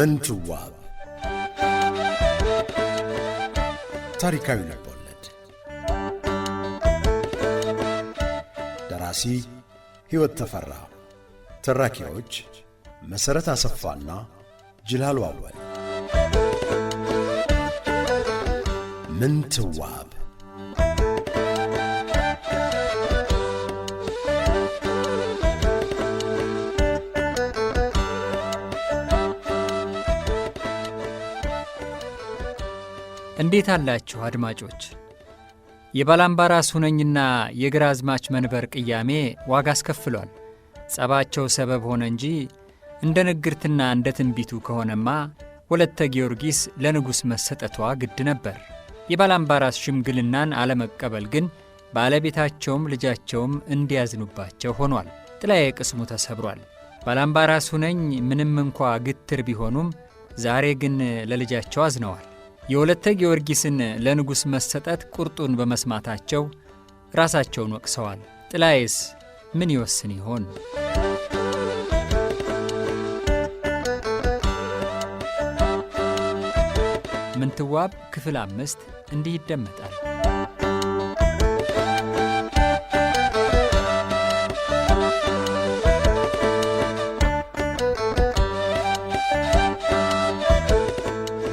ምንትዋብ ታሪካዊ ልቦለድ ደራሲ ሕይወት ተፈራ፣ ተራኪዎች መሠረት አሰፋና ጅላሉ አወል። ምንትዋብ እንዴት አላችሁ አድማጮች? የባላምባራስ ሁነኝና አዝማች መንበር ቅያሜ ዋጋ አስከፍሏል። ጸባቸው ሰበብ ሆነ እንጂ እንደ ንግርትና እንደ ትንቢቱ ከሆነማ ወለተ ጊዮርጊስ ለንጉሥ መሰጠቷ ግድ ነበር። የባላምባራስ ሽምግልናን አለመቀበል ግን ባለቤታቸውም ልጃቸውም እንዲያዝኑባቸው ሆኗል። ጥላዬ ቅስሙ ተሰብሯል። ባላምባራስ ሁነኝ ምንም እንኳ ግትር ቢሆኑም ዛሬ ግን ለልጃቸው አዝነዋል። የወለተ ጊዮርጊስን ለንጉሥ መሰጠት ቁርጡን በመስማታቸው ራሳቸውን ወቅሰዋል። ጥላዬስ ምን ይወስን ይሆን? ምንትዋብ ክፍል አምስት እንዲህ ይደመጣል።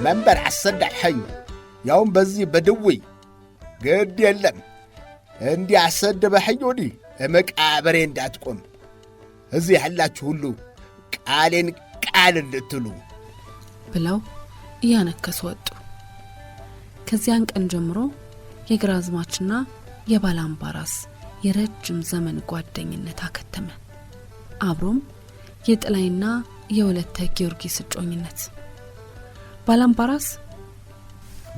መንበር አሰዳድኸኝ፣ ያውም በዚህ በድውይ ግድ የለም እንዲህ አሰድበኸኝ ወዲህ መቃብሬ እንዳትቆም እዚህ ያላችሁ ሁሉ ቃሌን ቃል እንድትሉ ብለው እያነከሱ ወጡ። ከዚያን ቀን ጀምሮ የግራዝማችና የባላምባራስ የረጅም ዘመን ጓደኝነት አከተመ። አብሮም የጥላይና የወለተ ጊዮርጊስ እጮኝነት ባላምባራስ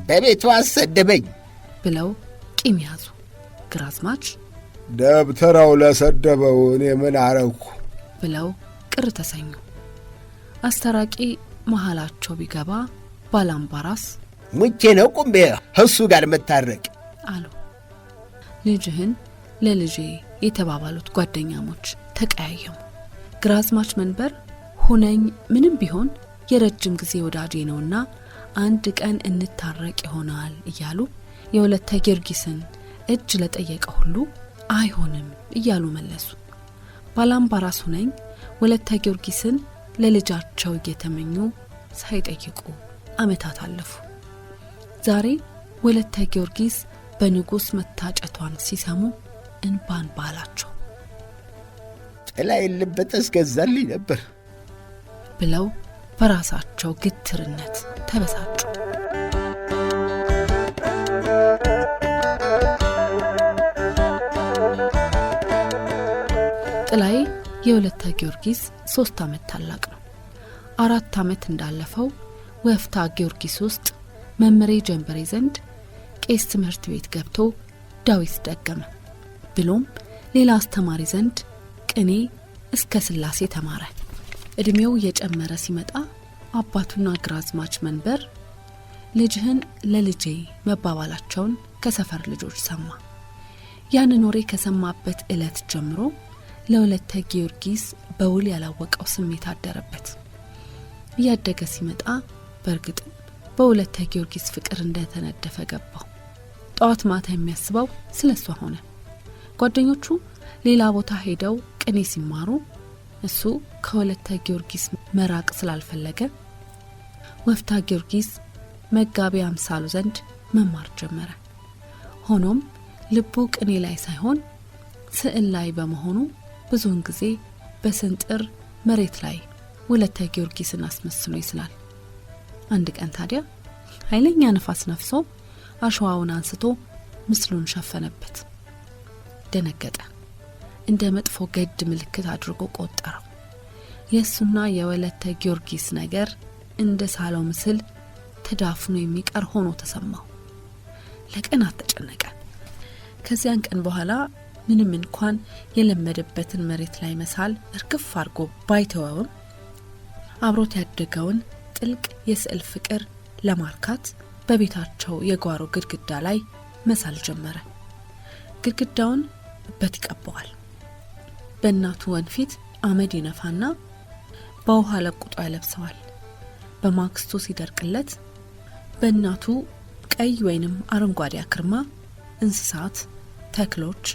በቤቱ አሰደበኝ ብለው ቂም ያዙ። ግራዝማች ደብተራው ለሰደበው እኔ ምን አረግኩ ብለው ቅር ተሰኙ። አስተራቂ መሃላቸው ቢገባ ባላምባራስ ሙቼ ነው ቁምቤ እሱ ጋር መታረቅ አሉ። ልጅህን ለልጄ የተባባሉት ጓደኛሞች ተቀያየሙ። ግራዝማች መንበር ሁነኝ ምንም ቢሆን የረጅም ጊዜ ወዳጄ ነውና አንድ ቀን እንታረቅ ይሆናል እያሉ የወለተ ጊዮርጊስን እጅ ለጠየቀ ሁሉ አይሆንም እያሉ መለሱ። ባላምባራስ ሁነኝ ወለተ ጊዮርጊስን ለልጃቸው እየተመኙ ሳይጠይቁ ዓመታት አለፉ። ዛሬ ወለተ ጊዮርጊስ በንጉሥ መታጨቷን ሲሰሙ እንባን ባላቸው ጥላ የለበት አስገዛልኝ ነበር ብለው በራሳቸው ግትርነት ተበሳጩ። ጥላይ የሁለተ ጊዮርጊስ ሶስት ዓመት ታላቅ ነው። አራት ዓመት እንዳለፈው ወፍታ ጊዮርጊስ ውስጥ መምሬ ጀንበሬ ዘንድ ቄስ ትምህርት ቤት ገብቶ ዳዊት ደገመ። ብሎም ሌላ አስተማሪ ዘንድ ቅኔ እስከ ስላሴ ተማረ። እድሜው እየጨመረ ሲመጣ አባቱና ግራዝማች መንበር ልጅህን ለልጄ መባባላቸውን ከሰፈር ልጆች ሰማ። ያንን ወሬ ከሰማበት ዕለት ጀምሮ ለሁለተ ጊዮርጊስ በውል ያላወቀው ስሜት አደረበት። እያደገ ሲመጣ በእርግጥ በሁለተ ጊዮርጊስ ፍቅር እንደተነደፈ ገባው። ጠዋት ማታ የሚያስበው ስለ እሷ ሆነ። ጓደኞቹ ሌላ ቦታ ሄደው ቅኔ ሲማሩ እሱ ከወለተ ጊዮርጊስ መራቅ ስላልፈለገ ወፍታ ጊዮርጊስ መጋቢ አምሳሉ ዘንድ መማር ጀመረ። ሆኖም ልቡ ቅኔ ላይ ሳይሆን ስዕል ላይ በመሆኑ ብዙውን ጊዜ በስንጥር መሬት ላይ ወለተ ጊዮርጊስን አስመስሎ ይስላል። አንድ ቀን ታዲያ ኃይለኛ ነፋስ ነፍሶ አሸዋውን አንስቶ ምስሉን ሸፈነበት። ደነገጠ። እንደ መጥፎ ገድ ምልክት አድርጎ ቆጠረው። የእሱና የወለተ ጊዮርጊስ ነገር እንደ ሳለው ምስል ተዳፍኖ የሚቀር ሆኖ ተሰማው። ለቀናት ተጨነቀ። ከዚያን ቀን በኋላ ምንም እንኳን የለመደበትን መሬት ላይ መሳል እርግፍ አድርጎ ባይተወውም አብሮት ያደገውን ጥልቅ የስዕል ፍቅር ለማርካት በቤታቸው የጓሮ ግድግዳ ላይ መሳል ጀመረ። ግድግዳውን እበት ይቀበዋል። በእናቱ ወንፊት አመድ ይነፋና በውሃ ለቁጦ ያለብሰዋል። በማግስቱ ሲደርቅለት በእናቱ ቀይ ወይንም አረንጓዴ አክርማ እንስሳት፣ ተክሎች፣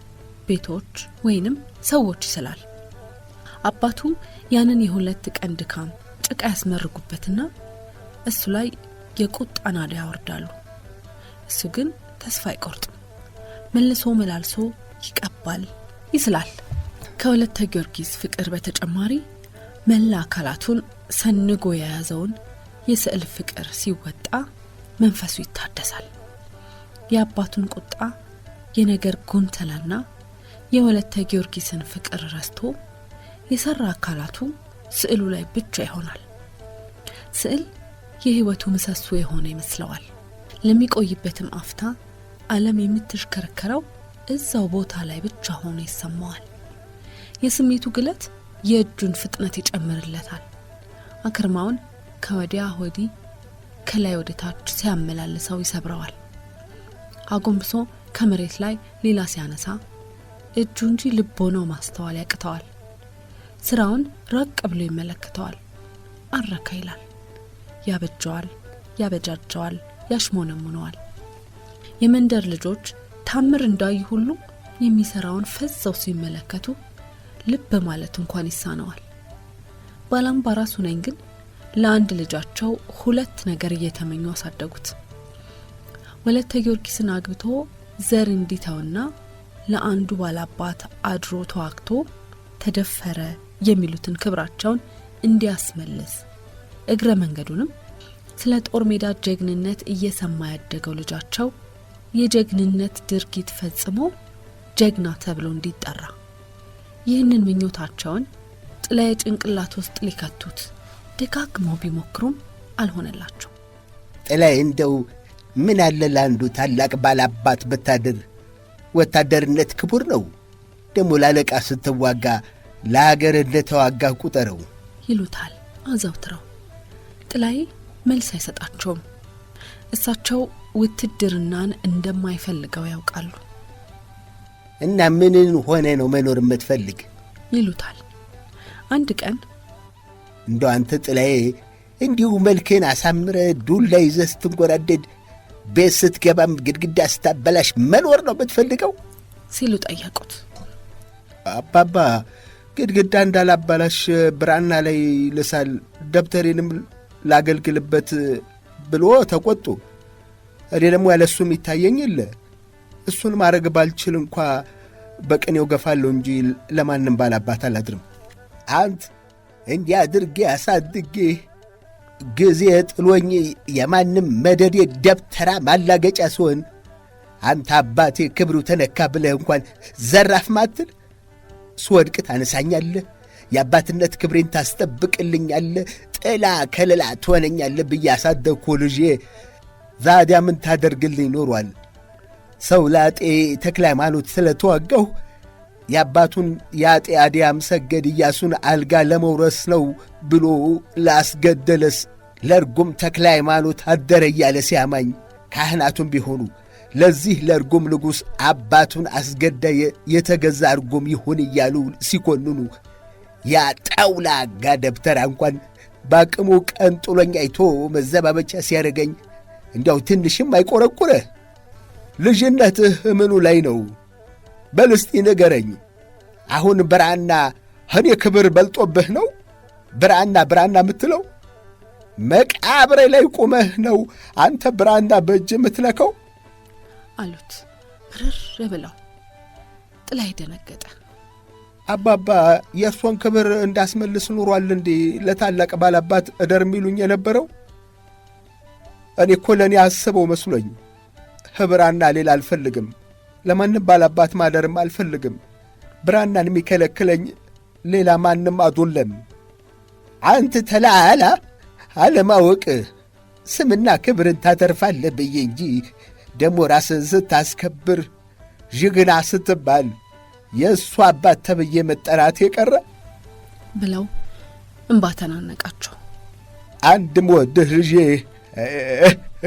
ቤቶች ወይንም ሰዎች ይስላል። አባቱ ያንን የሁለት ቀን ድካም ጭቃ ያስመርጉበትና እሱ ላይ የቁጣ ናዳ ያወርዳሉ። እሱ ግን ተስፋ አይቆርጥም። መልሶ መላልሶ ይቀባል፣ ይስላል። ከሁለተ ጊዮርጊስ ፍቅር በተጨማሪ መላ አካላቱን ሰንጎ የያዘውን የስዕል ፍቅር ሲወጣ መንፈሱ ይታደሳል። የአባቱን ቁጣ፣ የነገር ጎንተላና የሁለተ ጊዮርጊስን ፍቅር ረስቶ የሰራ አካላቱ ስዕሉ ላይ ብቻ ይሆናል። ስዕል የህይወቱ ምሰሶ የሆነ ይመስለዋል። ለሚቆይበትም አፍታ ዓለም የምትሽከረከረው እዛው ቦታ ላይ ብቻ ሆኖ ይሰማዋል። የስሜቱ ግለት የእጁን ፍጥነት ይጨምርለታል። አክርማውን ከወዲያ ወዲህ ከላይ ወደ ታች ሲያመላልሰው ይሰብረዋል። አጎንብሶ ከመሬት ላይ ሌላ ሲያነሳ እጁ እንጂ ልቦናው ማስተዋል ያቅተዋል። ስራውን ረቅ ብሎ ይመለከተዋል። አረካ ይላል። ያበጀዋል፣ ያበጃጀዋል፣ ያሽሞነሙነዋል። የመንደር ልጆች ታምር እንዳዩ ሁሉ የሚሰራውን ፈዘው ሲመለከቱ ልብ ማለት እንኳን ይሳነዋል። ባላምባራስ ሁነኝ ግን ለአንድ ልጃቸው ሁለት ነገር እየተመኙ አሳደጉት። ወለተ ጊዮርጊስን አግብቶ ዘር እንዲተውና ለአንዱ ባላባት አድሮ ተዋግቶ ተደፈረ የሚሉትን ክብራቸውን እንዲያስመልስ እግረ መንገዱንም ስለ ጦር ሜዳ ጀግንነት እየሰማ ያደገው ልጃቸው የጀግንነት ድርጊት ፈጽሞ ጀግና ተብሎ እንዲጠራ ይህንን ምኞታቸውን ጥላዬ ጭንቅላት ውስጥ ሊከቱት ደጋግመው ቢሞክሩም አልሆነላቸው። ጥላዬ እንደው ምን አለ ለአንዱ ታላቅ ባላባት ብታድር። ወታደርነት ክቡር ነው፣ ደሞ ላለቃ ስትዋጋ ለአገር እንደተዋጋ ቁጠረው ይሉታል አዘውትረው። ጥላዬ መልስ አይሰጣቸውም። እሳቸው ውትድርናን እንደማይፈልገው ያውቃሉ። እና ምንን ሆነ ነው መኖር የምትፈልግ ይሉታል። አንድ ቀን እንደ አንተ ጥላዬ እንዲሁ መልክን አሳምረ ዱላ ይዘህ ስትንጎራደድ፣ ቤት ስትገባም ግድግዳ ስታበላሽ መኖር ነው የምትፈልገው ሲሉ ጠየቁት። አባባ ግድግዳ እንዳላበላሽ ብራና ላይ ልሳል ደብተሬንም ላገልግልበት ብሎ ተቆጡ። እኔ ደግሞ ያለሱም የሚታየኝ የለ እሱን ማድረግ ባልችል እንኳ በቅኔው ገፋለሁ እንጂ ለማንም ባላባት አላድርም። አንት እንዲህ አድርጌ አሳድጌ ጊዜ ጥሎኝ የማንም መደዴ ደብተራ ማላገጫ ሲሆን አንተ አባቴ ክብሩ ተነካ ብለህ እንኳን ዘራፍ ማትል ስወድቅ ታነሳኛለህ፣ የአባትነት ክብሬን ታስጠብቅልኛለህ፣ ጥላ ከለላ ትሆነኛለህ ብዬ አሳደግኮ ልዤ ዛዲያ ምን ታደርግልኝ ኖሯል? ሰው ለአጤ ተክለ ሃይማኖት ስለተዋጋሁ የአባቱን የአጤ አድያም ሰገድ እያሱን አልጋ ለመውረስ ነው ብሎ ላስገደለስ ለርጉም ተክለ ሃይማኖት አደረ እያለ ሲያማኝ ካህናቱም ቢሆኑ ለዚህ ለርጉም ንጉሥ አባቱን አስገዳይ የተገዛ እርጉም ይሁን እያሉ ሲኮንኑ ጣውላ አጋ ደብተራ እንኳን በአቅሙ ቀን ጥሎኝ አይቶ መዘባበቻ ሲያደርገኝ እንዲያው ትንሽም አይቆረቁረ ልጅነትህ ምኑ ላይ ነው? በልስጢ ንገረኝ። አሁን ብራና እኔ ክብር በልጦብህ ነው? ብራና ብራና ምትለው መቃብሬ ላይ ቁመህ ነው አንተ ብራና በእጅ የምትለከው አሉት። ምርር ብለው ጥላ ደነገጠ። አባባ የእርሶን ክብር እንዳስመልስ ኑሯል እንዴ? ለታላቅ ባላባት እደር የሚሉኝ የነበረው እኔ እኮ ለእኔ አስበው መስሎኝ ኅብራና ሌላ አልፈልግም። ለማንም ባላባት ማደርም አልፈልግም። ብራናን የሚከለክለኝ ሌላ ማንም አዶለም። አንተ ተላላ አለማወቅ ስምና ክብርን ታተርፋለህ ብዬ እንጂ ደሞ ራስን ስታስከብር ዥግና ስትባል የእሱ አባት ተብዬ መጠራት የቀረ ብለው እምባ ተናነቃቸው። አንድም ወድህ ልጄ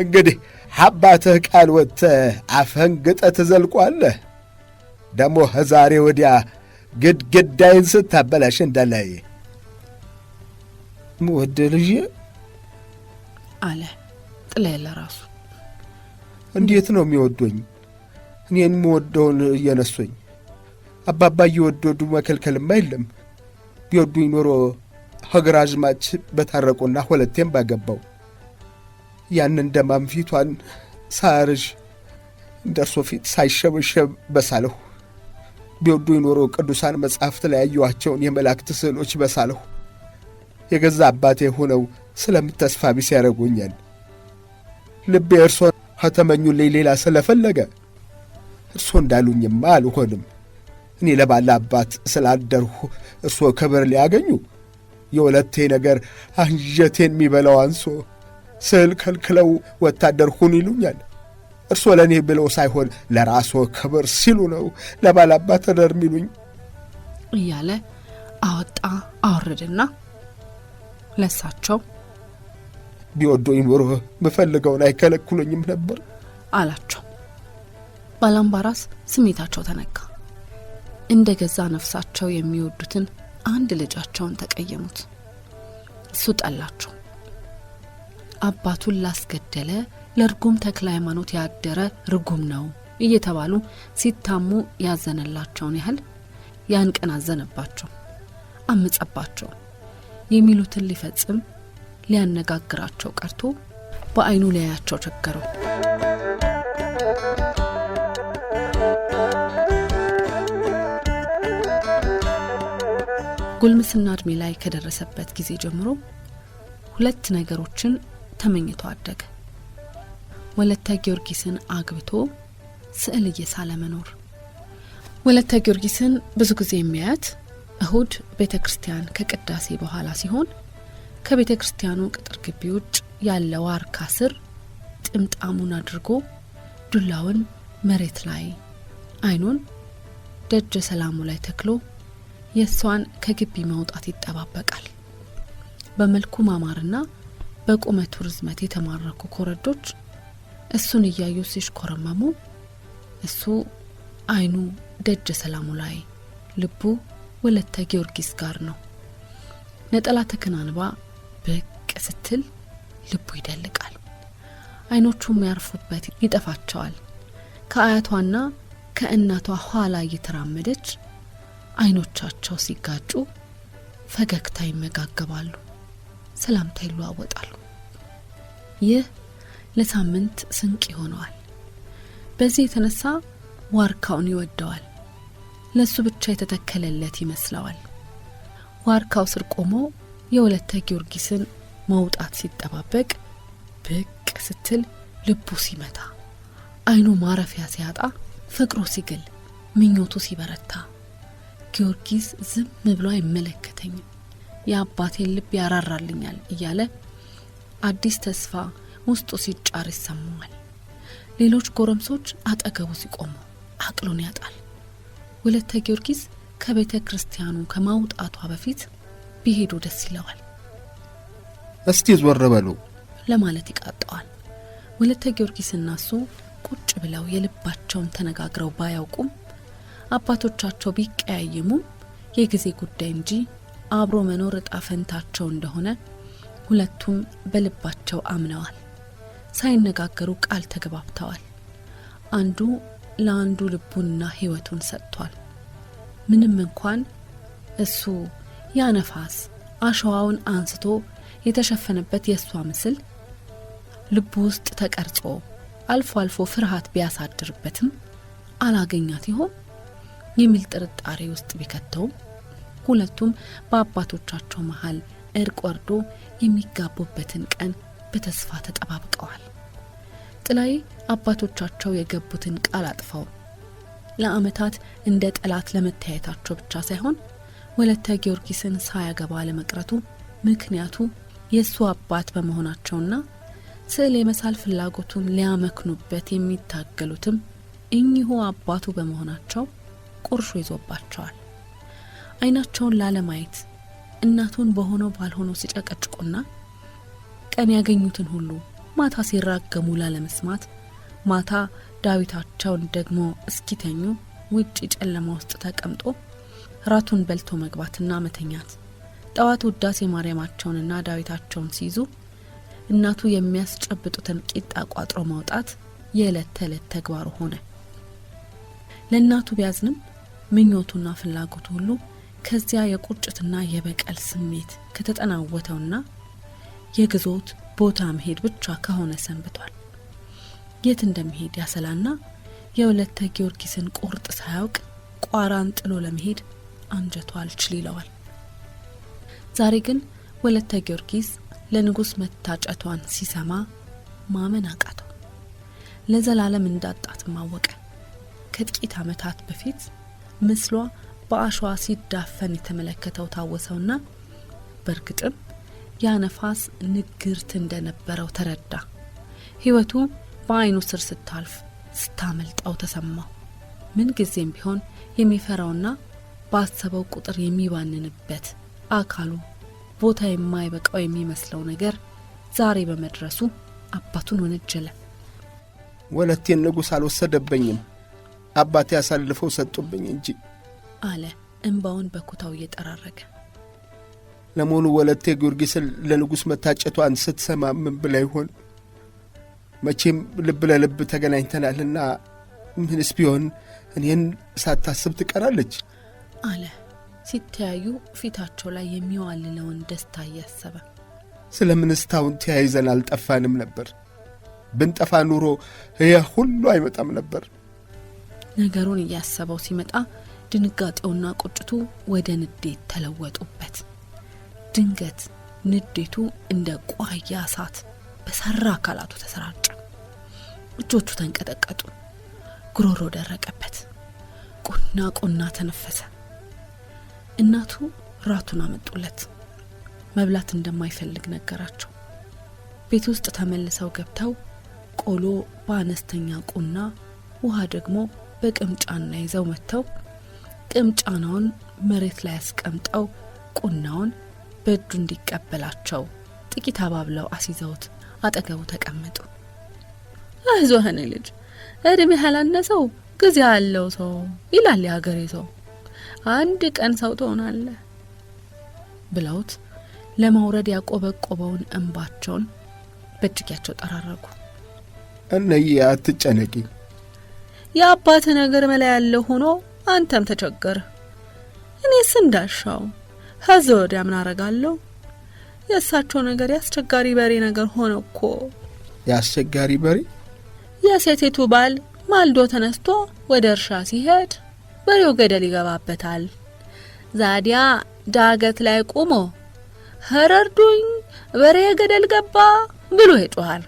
እንግዲህ ከአባትህ ቃል ወጥተህ አፈንግጠ ትዘልቋለህ። ደግሞ ዛሬ ወዲያ ግድግዳይን ስታበላሽ እንዳላይ ወደ ልጅ አለ ጥላ ለራሱ እንዴት ነው የሚወዶኝ? እኔን የምወደውን እየነሶኝ አባባ እየወደዱ መከልከልም አይለም ቢወዱኝ ኖሮ ሀገር አዝማች በታረቁና ሁለቴም ባገባው ያንን ደማም ፊቷን ሳያርዥ እንደ እርሶ ፊት ሳይሸበሸብ በሳለሁ። ቢወዱ የኖሮ ቅዱሳን መጻሕፍት ላይ ያየኋቸውን የመላእክት ስዕሎች በሳለሁ። የገዛ አባቴ ሆነው ስለምተስፋ ቢስ ያደረጉኛል። ልቤ እርሶን ከተመኙልኝ ሌላ ስለፈለገ እርሶ እንዳሉኝማ አልሆንም። እኔ ለባለ አባት ስላደርሁ እርሶ ክብር ሊያገኙ የሁለቴ ነገር አንጀቴን የሚበላው አንሶ ስል ከልክለው ወታደር ሁን ይሉኛል። እርስዎ ለእኔ ብለው ሳይሆን ለራስዎ ክብር ሲሉ ነው ለባላባ እረር ሚሉኝ እያለ አወጣ አወረድና ለሳቸው ቢወዱኝ ብሮ ብፈልገውን አይከለክሉኝም ነበር አላቸው። ባላምባራስ ስሜታቸው ተነካ። እንደ ገዛ ነፍሳቸው የሚወዱትን አንድ ልጃቸውን ተቀየሙት። እሱ ጠላቸው። አባቱን ላስገደለ ለርጉም ተክለ ሃይማኖት ያደረ ርጉም ነው እየተባሉ ሲታሙ ያዘነላቸውን ያህል ያን ቀን አዘነባቸው፣ አምጸባቸው፣ የሚሉትን ሊፈጽም ሊያነጋግራቸው ቀርቶ በአይኑ ሊያያቸው ቸገረው። ጉልምስና እድሜ ላይ ከደረሰበት ጊዜ ጀምሮ ሁለት ነገሮችን ተመኝቶ አደገ። ወለተ ጊዮርጊስን አግብቶ ስዕል እየሳለ መኖር። ወለተ ጊዮርጊስን ብዙ ጊዜ የሚያያት እሁድ ቤተ ክርስቲያን ከቅዳሴ በኋላ ሲሆን ከቤተ ክርስቲያኑ ቅጥር ግቢ ውጭ ያለ ዋርካ ስር ጥምጣሙን አድርጎ ዱላውን መሬት ላይ አይኑን ደጀ ሰላሙ ላይ ተክሎ የእሷን ከግቢ መውጣት ይጠባበቃል። በመልኩ ማማርና በቁመቱ ርዝመት የተማረኩ ኮረዶች እሱን እያዩ ሲሽኮረመሙ እሱ አይኑ ደጀ ሰላሙ ላይ ልቡ ወለተ ጊዮርጊስ ጋር ነው። ነጠላ ተከናንባ ብቅ ስትል ልቡ ይደልቃል። አይኖቹ የሚያርፉበት ይጠፋቸዋል። ከአያቷና ከእናቷ ኋላ እየተራመደች አይኖቻቸው ሲጋጩ ፈገግታ ይመጋገባሉ። ሰላምታ ይለዋወጣሉ። ይህ ለሳምንት ስንቅ ይሆነዋል። በዚህ የተነሳ ዋርካውን ይወደዋል። ለእሱ ብቻ የተተከለለት ይመስለዋል። ዋርካው ስር ቆሞ የወለተ ጊዮርጊስን መውጣት ሲጠባበቅ ብቅ ስትል ልቡ ሲመታ፣ አይኑ ማረፊያ ሲያጣ፣ ፍቅሩ ሲግል፣ ምኞቱ ሲበረታ ጊዮርጊስ ዝም ብሎ አይመለከተኝም የአባቴን ልብ ያራራልኛል እያለ አዲስ ተስፋ ውስጡ ሲጫር ይሰማዋል። ሌሎች ጎረምሶች አጠገቡ ሲቆሙ አቅሉን ያጣል። ወለተ ጊዮርጊስ ከቤተ ክርስቲያኑ ከማውጣቷ በፊት ቢሄዱ ደስ ይለዋል። እስቲ ዞር በሉ ለማለት ይቃጠዋል። ወለተ ጊዮርጊስና እሱ ቁጭ ብለው የልባቸውን ተነጋግረው ባያውቁም አባቶቻቸው ቢቀያየሙም የጊዜ ጉዳይ እንጂ አብሮ መኖር እጣ ፈንታቸው እንደሆነ ሁለቱም በልባቸው አምነዋል። ሳይነጋገሩ ቃል ተገባብተዋል። አንዱ ለአንዱ ልቡንና ሕይወቱን ሰጥቷል። ምንም እንኳን እሱ ያ ነፋስ አሸዋውን አንስቶ የተሸፈነበት የእሷ ምስል ልቡ ውስጥ ተቀርጾ አልፎ አልፎ ፍርሃት ቢያሳድርበትም አላገኛት ይሆን የሚል ጥርጣሬ ውስጥ ቢከተውም ሁለቱም በአባቶቻቸው መሀል እርቅ ወርዶ የሚጋቡበትን ቀን በተስፋ ተጠባብቀዋል። ጥላይ አባቶቻቸው የገቡትን ቃል አጥፈው ለአመታት እንደ ጠላት ለመታየታቸው ብቻ ሳይሆን ወለተ ጊዮርጊስን ሳያገባ ለመቅረቱ ምክንያቱ የእሱ አባት በመሆናቸውና ስዕል የመሳል ፍላጎቱን ሊያመክኑበት የሚታገሉትም እኚሁ አባቱ በመሆናቸው ቁርሾ ይዞባቸዋል። አይናቸውን ላለማየት እናቱን በሆነው ባልሆነው ሲጨቀጭቁና ቀን ያገኙትን ሁሉ ማታ ሲራገሙ ላለመስማት ማታ ዳዊታቸውን ደግሞ እስኪተኙ ውጭ ጨለማ ውስጥ ተቀምጦ ራቱን በልቶ መግባትና መተኛት። ጠዋት ውዳሴ ማርያማቸውንና ዳዊታቸውን ሲይዙ እናቱ የሚያስጨብጡትን ቂጣ ቋጥሮ ማውጣት የዕለት ተዕለት ተግባሩ ሆነ። ለእናቱ ቢያዝንም ምኞቱና ፍላጎቱ ሁሉ ከዚያ የቁጭትና የበቀል ስሜት ከተጠናወተውና የግዞት ቦታ መሄድ ብቻ ከሆነ ሰንብቷል። የት እንደሚሄድ ያሰላና የሁለተ ጊዮርጊስን ቁርጥ ሳያውቅ ቋራን ጥሎ ለመሄድ አንጀቷ አልችል ይለዋል። ዛሬ ግን ወለተ ጊዮርጊስ ለንጉሥ መታጨቷን ሲሰማ ማመን አቃተው። ለዘላለም እንዳጣት ማወቀ። ከጥቂት ዓመታት በፊት ምስሏ በአሸዋ ሲዳፈን የተመለከተው ታወሰውና በእርግጥም ያ ነፋስ ንግርት እንደነበረው ተረዳ። ሕይወቱ በአይኑ ስር ስታልፍ ስታመልጠው ተሰማው። ምንጊዜም ቢሆን የሚፈራውና ባሰበው ቁጥር የሚባንንበት አካሉ ቦታ የማይበቃው የሚመስለው ነገር ዛሬ በመድረሱ አባቱን ወነጀለ። ወለቴን ንጉሥ አልወሰደብኝም፣ አባቴ አሳልፈው ሰጡብኝ እንጂ አለ እንባውን በኩታው እየጠራረገ። ለመሆኑ ወለቴ ጊዮርጊስን ለንጉሥ መታጨቷን ስትሰማ ምን ብላ ይሆን? መቼም ልብ ለልብ ተገናኝተናልና ምንስ ቢሆን እኔን ሳታስብ ትቀራለች አለ ሲተያዩ ፊታቸው ላይ የሚዋልለውን ደስታ እያሰበ። ስለ ምንስታውን ተያይዘን አልጠፋንም ነበር። ብንጠፋ ኑሮ ይህ ሁሉ አይመጣም ነበር። ነገሩን እያሰበው ሲመጣ ድንጋጤውና ቁጭቱ ወደ ንዴት ተለወጡበት። ድንገት ንዴቱ እንደ ቋያ እሳት በሰራ አካላቱ ተሰራጨ። እጆቹ ተንቀጠቀጡ፣ ጉሮሮ ደረቀበት፣ ቁና ቁና ተነፈሰ። እናቱ ራቱን አመጡለት። መብላት እንደማይፈልግ ነገራቸው። ቤት ውስጥ ተመልሰው ገብተው ቆሎ በአነስተኛ ቁና ውሃ ደግሞ በቅምጫና ይዘው መጥተው ቅምጫናውን መሬት ላይ ያስቀምጠው ቁናውን በእጁ እንዲቀበላቸው ጥቂት አባብለው አስይዘውት አጠገቡ ተቀመጡ። አይዞህን ልጅ እድሜ ያላነሰው ጊዜ ያለው ሰው ይላል የሀገሬ ሰው። አንድ ቀን ሰው ትሆናለህ ብለውት ለማውረድ ያቆበቆበውን እንባቸውን በእጅጌያቸው ጠራረጉ። እነዬ አትጨነቂ፣ የአባት ነገር መላ ያለው ሆኖ አንተም ተቸገር እኔስ እንዳሻው ከዚህ ወዲያ ምን አረጋለሁ? የእሳቸው ነገር የአስቸጋሪ በሬ ነገር ሆነ እኮ። የአስቸጋሪ በሬ የሴቲቱ ባል ማልዶ ተነስቶ ወደ እርሻ ሲሄድ በሬው ገደል ይገባበታል። ዛዲያ ዳገት ላይ ቆሞ ኸረርዱኝ በሬ ገደል ገባ ብሎ ይጮኋል።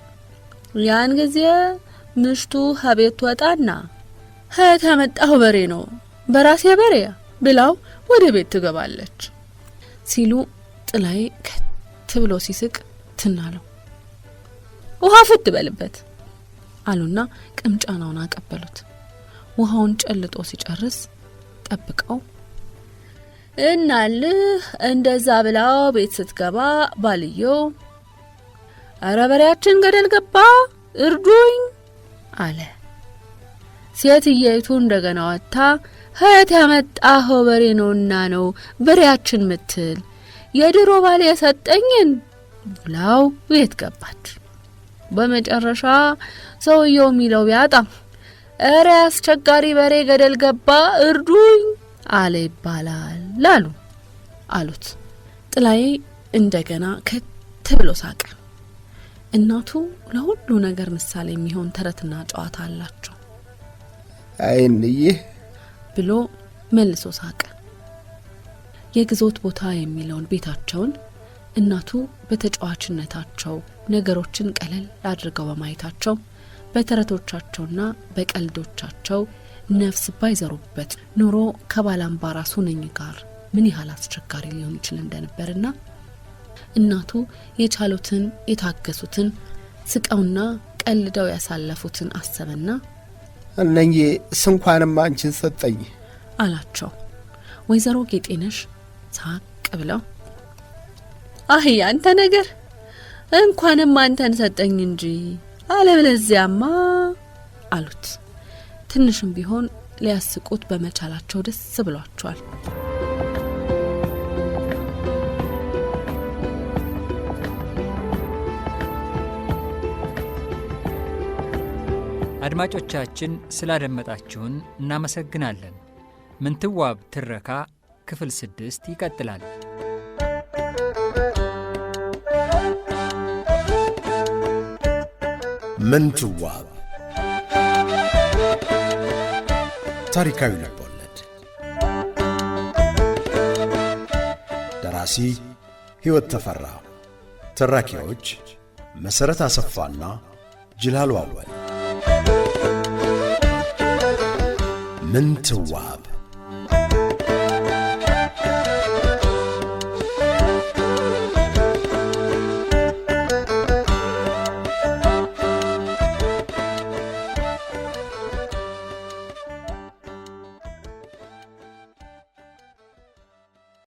ያን ጊዜ ምሽቱ ከቤት ወጣና ከተመጣሁ በሬ ነው በራሴ በሬያ ብላው ወደ ቤት ትገባለች ሲሉ ጥላይ ከት ብሎ ሲስቅ ትናለው ውሃ ፍት በልበት አሉና ቅምጫናውን አቀበሉት። ውሃውን ጨልጦ ሲጨርስ ጠብቀው እናልህ እንደዛ ብላው ቤት ስትገባ ባልየው እረ በሬያችን ገደል ገባ እርዱኝ አለ። ሴትየይቱ እንደገና ወጥታ ህት ያመጣኸው በሬ ነውና ነው በሬያችን ምትል የድሮ ባል የሰጠኝን ብላው ቤት ገባች። በመጨረሻ ሰውየው የሚለው ቢያጣም እረ አስቸጋሪ በሬ ገደል ገባ እርዱኝ አለ ይባላል ላሉ አሉት። ጥላዬ እንደገና ከት ብሎ ሳቀ። እናቱ ለሁሉ ነገር ምሳሌ የሚሆን ተረትና ጨዋታ አላቸው። አይንዬ ብሎ መልሶ ሳቀ። የግዞት ቦታ የሚለውን ቤታቸውን እናቱ በተጫዋችነታቸው ነገሮችን ቀለል አድርገው በማየታቸው በተረቶቻቸውና በቀልዶቻቸው ነፍስ ባይዘሩበት ኑሮ ከባላምባራስ ነኝ ጋር ምን ያህል አስቸጋሪ ሊሆን ይችል እንደነበርና እናቱ የቻሉትን የታገሱትን ስቀውና ቀልደው ያሳለፉትን አሰበና እነኚህ ስንኳንም አንቺን ሰጠኝ አላቸው። ወይዘሮ ጌጤነሽ ሳቅ ብለው አህ ያንተ ነገር እንኳንም አንተን ሰጠኝ እንጂ አለበለዚያማ አሉት። ትንሽም ቢሆን ሊያስቁት በመቻላቸው ደስ ብሏቸዋል። አድማጮቻችን ስላደመጣችሁን እናመሰግናለን። ምንትዋብ ትረካ ክፍል ስድስት ይቀጥላል። ምንትዋብ ታሪካዊ ልቦለድ ደራሲ ሕይወት ተፈራ ተራኪዎች መሠረት አሰፋና ጅላሉ አወል من تواب